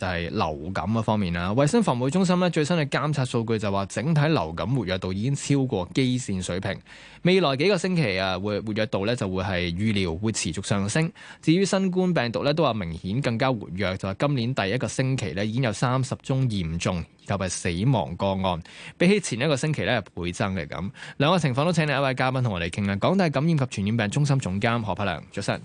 就係流感嗰方面啦，衞生防護中心咧最新嘅監測數據就話，整體流感活躍度已經超過基線水平，未來幾個星期啊活活躍度咧就會係預料會持續上升。至於新冠病毒咧，都話明顯更加活躍，就話今年第一個星期咧已經有三十宗嚴重以及係死亡個案，比起前一個星期呢係倍增嘅。咁兩個情況都請另一位嘉賓同我哋傾啦，港大感染及傳染病中心總監何柏良早晨。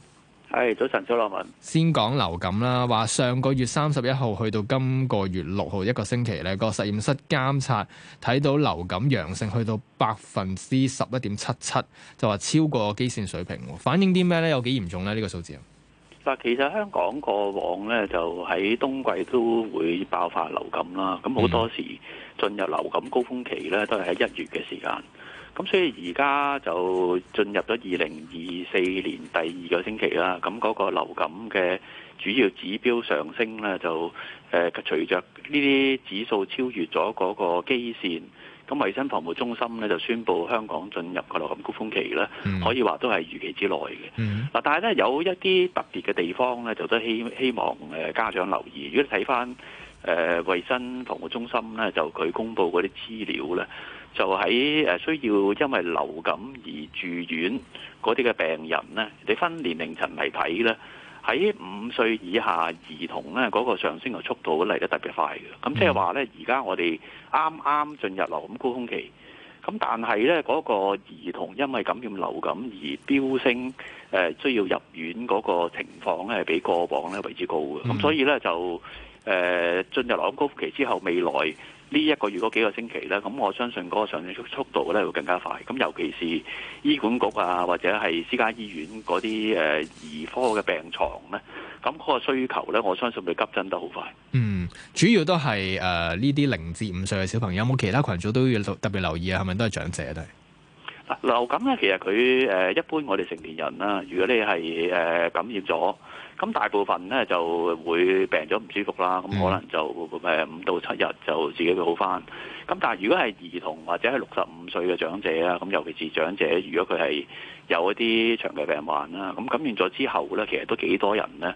係早晨，蘇朗文先講流感啦。話上個月三十一號去到今個月六號一個星期咧，個實驗室監察睇到流感陽性去到百分之十一點七七，就話超過基線水平，反映啲咩咧？有幾嚴重咧？呢、這個數字。其實香港過往咧就喺冬季都會爆發流感啦，咁好多時進入流感高峰期咧都係喺一月嘅時間，咁所以而家就進入咗二零二四年第二個星期啦，咁嗰個流感嘅主要指標上升咧就誒、呃、隨着呢啲指數超越咗嗰個基線。咁衛生防護中心咧就宣布香港進入個流感高峰期啦，mm. 可以話都係預期之內嘅。嗱、mm.，但係咧有一啲特別嘅地方咧，就都希希望誒家長留意。如果你睇翻誒衞生防護中心咧，就佢公布嗰啲資料咧，就喺誒需要因為流感而住院嗰啲嘅病人咧，你分年齡層嚟睇咧。喺五歲以下兒童咧，嗰、嗰個上升嘅速度嚟得特別快嘅。咁即係話咧，而家我哋啱啱進入流感高峰期，咁但係咧嗰個兒童因為感染流感而飆升，誒、呃、需要入院嗰個情況咧，係比過往咧為之高嘅。咁所以咧就誒、呃、進入流感高峰期之後，未來。呢一個月嗰幾個星期呢，咁我相信嗰個上升速速度呢會更加快。咁尤其是醫管局啊，或者係私家醫院嗰啲誒兒科嘅病床呢，咁嗰個需求呢，我相信會急增得好快。嗯，主要都係誒呢啲零至五歲嘅小朋友。有冇其他群組都要特別留意啊？係咪都係長者都係？流感呢，其實佢誒、呃、一般我哋成年人啦，如果你係誒、呃、感染咗。咁大部分咧就會病咗唔舒服啦，咁可能就五、mm. 嗯、到七日就自己會好返。咁但係如果係兒童或者係六十五歲嘅長者啦，咁尤其是長者，如果佢係有一啲長期病患啦，咁感染咗之後咧，其實都幾多人咧。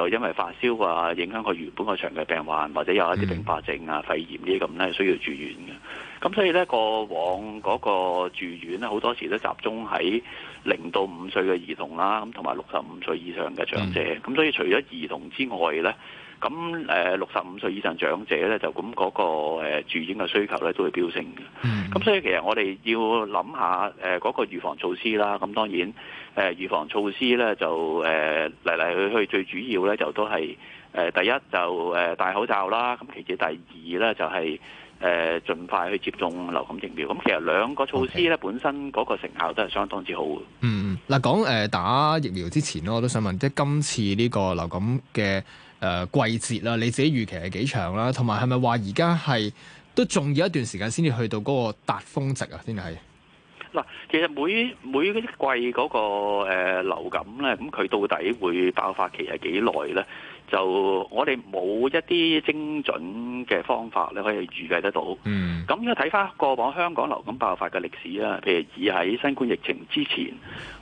就因為發燒啊，影響佢原本個長期病患，或者有一啲併發症啊、肺炎呢啲咁咧，需要住院嘅。咁所以咧，過往嗰個住院咧，好多時都集中喺零到五歲嘅兒童啦，咁同埋六十五歲以上嘅長者。咁、嗯、所以除咗兒童之外咧。咁六十五歲以上長者咧，就咁嗰個住院嘅需求咧，都會飆升嘅。咁、嗯、所以其實我哋要諗下嗰個預防措施啦。咁當然誒、呃、預防措施咧就嚟嚟、呃、去去最主要咧就都係、呃、第一就戴口罩啦。咁其次第二咧就係、是、誒、呃、盡快去接種流感疫苗。咁其實兩個措施咧 Okay. 本身嗰個成效都係相當之好嘅。嗯，嗱，講、呃、打疫苗之前咯，我都想問，即係今次呢個流感嘅。誒、呃、季節啦，你自己預期係幾長啦？同埋係咪話而家係都仲要一段時間先至去到嗰個達峰值啊？先係嗱，其實每每一季嗰、那個、呃、流感咧，咁佢到底會爆發期係幾耐咧？就我哋冇一啲精準嘅方法咧，可以預計得到。嗯，咁要睇翻過往香港流感爆發嘅歷史啦，譬如以喺新冠疫情之前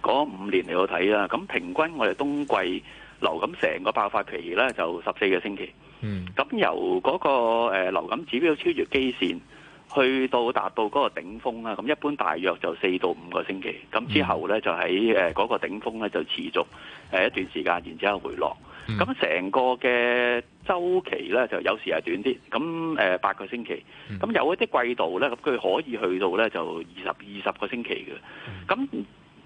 嗰五年嚟睇啦，咁平均我哋冬季，流感成個爆發期咧就十四個星期，咁由嗰個誒流感指標超越基線，去到達到嗰個頂峰啦。咁一般大約就四到五個星期，咁之後咧就喺誒嗰個頂峰咧就持續誒一段時間，然之後回落。咁成個嘅週期咧就有時係短啲，咁誒八個星期。咁有一啲季度咧，咁佢可以去到咧就二十二十個星期嘅。咁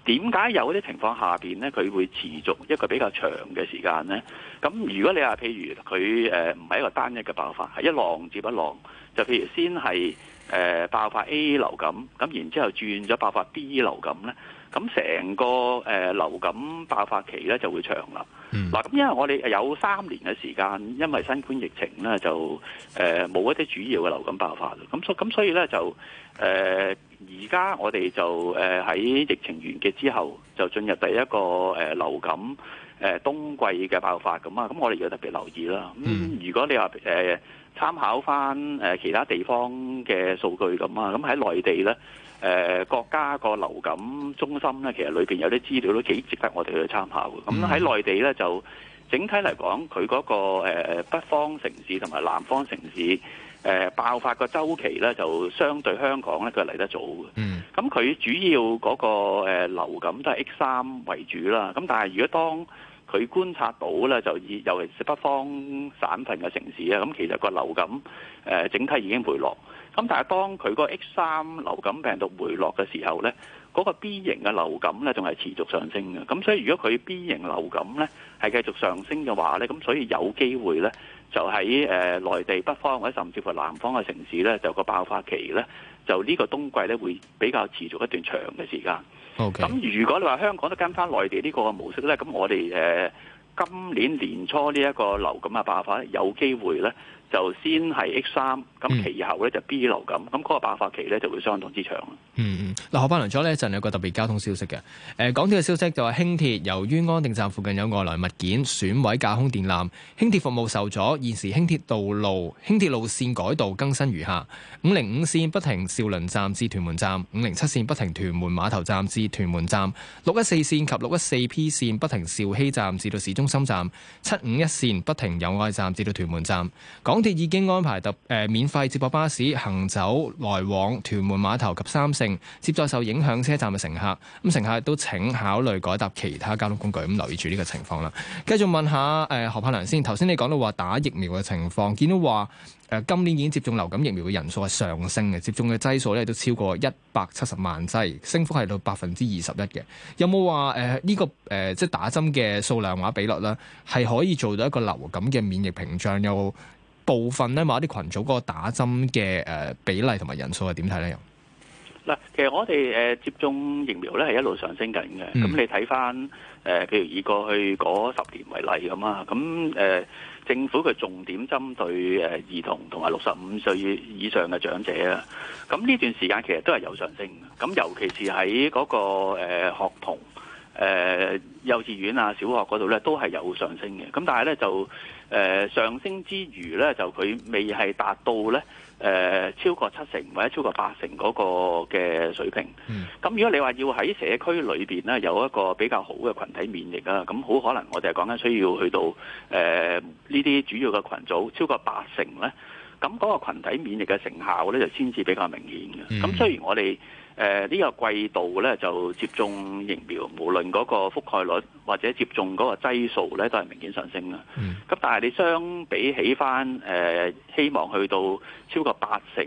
點解有啲情況下面咧，佢會持續一個比較長嘅時間咧？咁如果你話，譬如佢誒唔係一個單一嘅爆發，係一浪接一浪，就譬如先係誒爆發 A 流感，咁然之後轉咗爆發 B 流感咧，咁成個誒流感爆發期咧就會長啦。嗱、嗯，咁因為我哋有三年嘅時間，因為新冠疫情咧就誒冇一啲主要嘅流感爆發。咁所咁所以咧就誒。呃而家我哋就誒喺疫情完結之後，就進入第一個誒流感誒冬季嘅爆發咁啊！咁我哋要特別留意啦。咁、嗯、如果你話誒參考翻誒其他地方嘅數據咁啊，咁喺內地咧誒、呃、國家個流感中心咧，其實裏邊有啲資料都幾值得我哋去參考嘅。咁喺內地咧就整體嚟講，佢嗰個誒北方城市同埋南方城市。誒爆發個周期咧，就相對香港咧，佢係嚟得早嘅。咁佢、mm. 主要嗰個流感都係 H 三為主啦。咁但係如果當佢觀察到咧，就以尤其是北方省份嘅城市啊，咁其實個流感誒、呃、整體已經回落。咁但係當佢個 H 三流感病毒回落嘅時候咧，嗰、那個 B 型嘅流感咧仲係持續上升嘅。咁所以如果佢 B 型流感咧係繼續上升嘅話咧，咁所以有機會咧。就喺誒、呃、內地北方或者甚至乎南方嘅城市呢，就個爆發期呢，就呢個冬季呢會比較持續一段長嘅時間。咁 Okay. 如果你話香港都跟翻內地呢個模式呢，咁我哋誒、呃、今年年初呢一個流感嘅爆發有機會呢。就先係 x 三，咁其後咧就 B 流咁，咁嗰個爆發期咧就會相當之長嗯。嗯嗯，嗱，何柏良呢，一陣有個特別交通消息嘅，誒、呃，港鐵嘅消息就係輕鐵由於安定站附近有外來物件損毀架空電纜，輕鐵服務受阻。現時輕鐵道路輕鐵路線改道更新如下：五零五線不停兆麟站至屯門站；五零七線不停屯門碼頭站至屯門站；六一四線及六一四 P 線不停兆禧站至到市中心站；七五一線不停友愛站至到屯門站。港啲已經安排搭誒免費接駁巴士行走來往屯門碼頭及三聖，接載受影響車站嘅乘客。咁乘客都請考慮改搭其他交通工具。咁留意住呢個情況啦。繼續問一下誒何柏良先。頭先你講到話打疫苗嘅情況，見到話誒今年已經接種流感疫苗嘅人數係上升嘅，接種嘅劑數咧都超過一百七十萬劑，升幅係到百分之二十一嘅。有冇話誒呢個誒、呃、即係打針嘅數量話比率咧，係可以做到一個流感嘅免疫屏障又？有部分的的呢，某一啲群組嗰個打針嘅誒比例同埋人數係點睇呢？嗱，其實我哋誒接種疫苗咧係一路上升緊嘅。咁、嗯、你睇翻，誒，譬如以過去嗰十年為例咁啊，咁誒、呃、政府嘅重點針對誒兒童同埋六十五歲以上嘅長者啊，咁呢段時間其實都係有上升嘅，咁尤其是喺嗰個誒學童。呃、幼稚園啊、小學嗰度呢，都係有上升嘅，咁但係呢，就誒、呃、上升之餘呢，就佢未係達到呢誒、呃、超過七成或者超過八成嗰個嘅水平。咁、嗯、如果你話要喺社區裏面呢，有一個比較好嘅群體免疫啊，咁好可能我哋係講緊需要去到誒呢啲主要嘅群組超過八成呢。咁嗰個群體免疫嘅成效呢，就先至比較明顯嘅。咁、嗯、雖然我哋誒呢、呃，這個季度咧就接種疫苗，無論嗰個覆蓋率或者接種嗰個劑數咧，都係明顯上升啦。咁、嗯、但係你相比起翻誒、呃、希望去到超過八成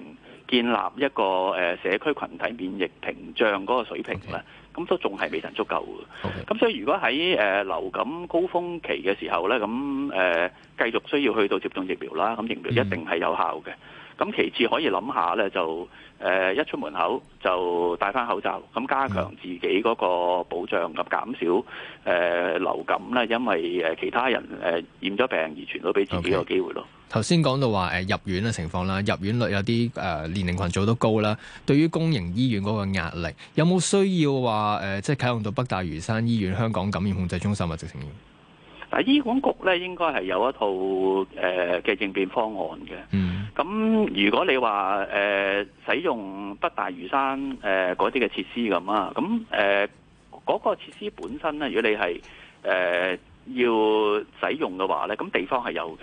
建立一個、呃、社區群體免疫屏障嗰個水平咧，咁 Okay, 都仲係未曾足夠嘅。咁 Okay, 所以如果喺、呃、流感高峰期嘅時候咧，咁、呃、誒繼續需要去到接種疫苗啦，咁疫苗一定係有效嘅。嗯嗯。咁其次可以諗下咧，就誒一出門口就戴翻口罩，咁加強自己嗰個保障，及減少誒流感咧，因為誒其他人誒染咗病而傳到俾自己個機會咯。頭先講到話誒入院嘅情況啦，入院率有啲誒年齡群組都高啦。對於公營醫院嗰個壓力，有冇需要話誒即係啟用到北大嶼山醫院香港感染控制中心啊？直情，但係醫管局咧應該係有一套誒嘅應變方案嘅。嗯。咁如果你話誒、呃、使用北大嶼山誒嗰啲嘅設施咁啊，咁誒嗰個設施本身咧，如果你係誒、呃、要使用嘅話咧，咁地方係有嘅。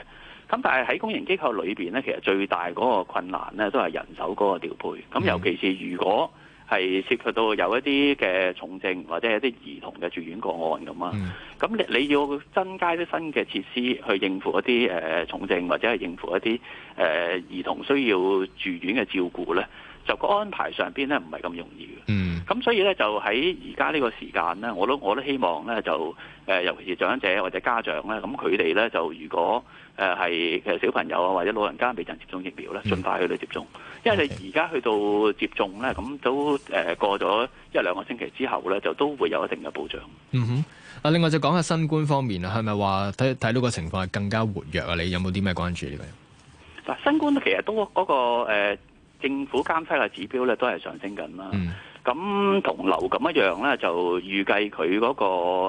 咁但係喺公營機構裏面咧，其實最大嗰個困難咧，都係人手嗰個調配。咁尤其是如果係涉及到有一啲嘅重症，或者係一啲兒童嘅住院個案咁啊。咁、mm. 你你要增加啲新嘅設施去應付一啲、呃、重症，或者係應付一啲誒、呃、兒童需要住院嘅照顧咧，就個安排上面咧唔係咁容易嘅。嗯，咁所以咧就喺而家呢個時間咧，我都我都希望咧就、呃、尤其是長者或者家長咧，咁佢哋咧就如果誒係、呃、小朋友啊或者老人家未曾接種疫苗咧，儘快去到接種。Mm. 因為你而家去到接種咧，咁都誒過咗一兩個星期之後咧，就都會有一定嘅保障。嗯哼，嗱，另外就講下新冠方面啊，係咪話睇睇到個情況係更加活躍啊？你有冇啲咩關注呢個？嗱，新冠其實都嗰、嗰個、呃、政府監測嘅指標咧都係上升緊啦。咁同流感一樣咧，就預計佢嗰、嗰個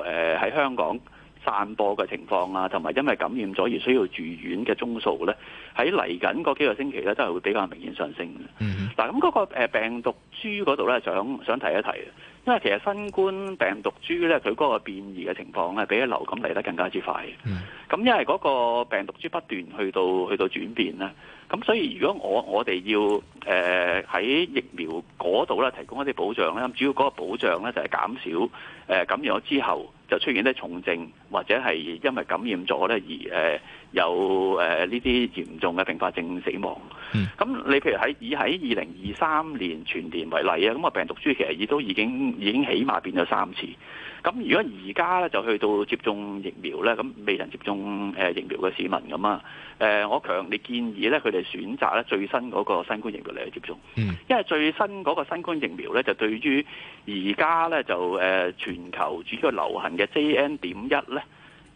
喺、呃、香港。散播嘅情況啊，同埋因為感染咗而需要住院嘅宗數咧，喺嚟緊嗰幾個星期咧，都係會比較明顯上升嘅。嗱、mm，咁、hmm. 嗰、嗰個病毒株嗰度咧，想想提一提，因為其實新冠病毒株咧，佢嗰個變異嘅情況咧，比流感嚟得更加之快。咁、mm hmm. 因為嗰個病毒株不斷去到去到轉變啦，咁所以如果我我哋要誒喺、呃、疫苗嗰度咧，提供一啲保障咧，咁主要嗰個保障咧就係減少誒、呃、感染咗之後。就出現啲重症，或者係因為感染咗咧而誒有誒呢啲嚴重嘅併發症死亡。咁、嗯、你譬如喺以喺二零二三年全年為例啊，咁啊病毒株其實已都已經已經起碼變咗三次。咁如果而家咧就去到接種疫苗咧，咁未能接種誒疫苗嘅市民咁啊，誒我強烈建議咧佢哋選擇咧最新嗰個新冠疫苗嚟去接種，因為最新嗰個新冠疫苗咧就對於而家咧就全球主要流行嘅 JN 點一咧。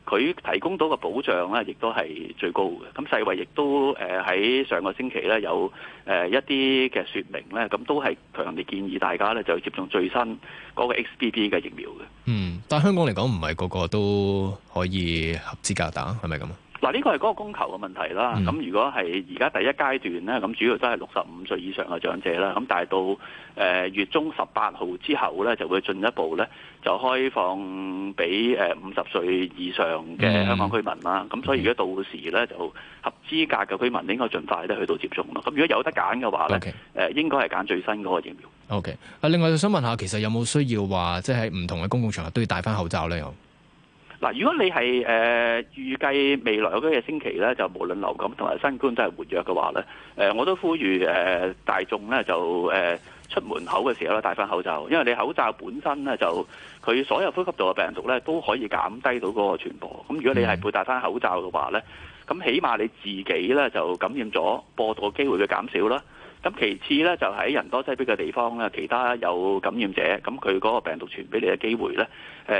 佢提供到嘅保障咧，亦都係最高嘅。咁世衛亦都誒喺、呃、上個星期咧有誒、呃、一啲嘅説明咧，咁都係強烈建議大家咧就接種最新嗰個 XBB 嘅疫苗嘅。嗯，但香港嚟講唔係個個都可以合資格打，係咪咁啊？呢個係嗰個供求嘅問題啦。咁如果係而家第一階段咧，咁主要都係六十五歲以上嘅長者啦。咁但係到誒、呃、月中十八號之後咧，就會進一步咧就開放俾誒五十歲以上嘅香港居民啦。咁所以而家到時咧就合資格嘅居民應該盡快都去到接種咯。咁如果有得揀嘅話咧，誒 Okay. 應該係揀最新嗰個疫苗。O K。啊，另外我想問下，其實有冇需要話即係喺唔同嘅公共場合都要戴翻口罩咧？嗱，如果你係誒、呃、預計未來嗰幾個星期咧，就無論流感同埋新冠都係活躍嘅話咧，誒、呃、我都呼籲誒、呃、大眾咧就誒、呃、出門口嘅時候咧戴翻口罩，因為你口罩本身咧就佢所有呼吸道嘅病毒咧都可以減低到嗰個傳播。咁如果你係佩戴翻口罩嘅話咧，咁起碼你自己咧就感染咗播毒嘅機會會減少啦。咁其次咧就喺人多擠迫嘅地方咧，其他有感染者咁佢嗰個病毒傳俾你嘅機會咧。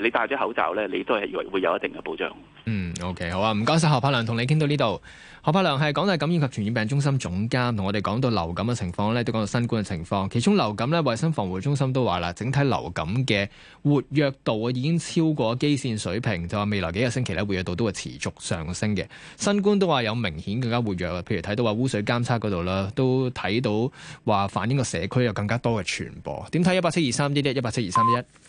你戴咗口罩咧，你都係會有一定嘅保障。嗯，OK，好啊，唔該晒。何柏良，同你傾到呢度。何柏良係港大感染及傳染病中心總監，同我哋講到流感嘅情況咧，都講到新冠嘅情況。其中流感咧，衞生防護中心都話啦，整體流感嘅活躍度啊，已經超過基線水平，就話未來幾個星期咧，活躍度都會持續上升嘅。新冠都話有明顯更加活躍，譬如睇到話污水監測嗰度啦，都睇到話反映個社區有更加多嘅傳播。點睇一八七二三一啲一八七二三一？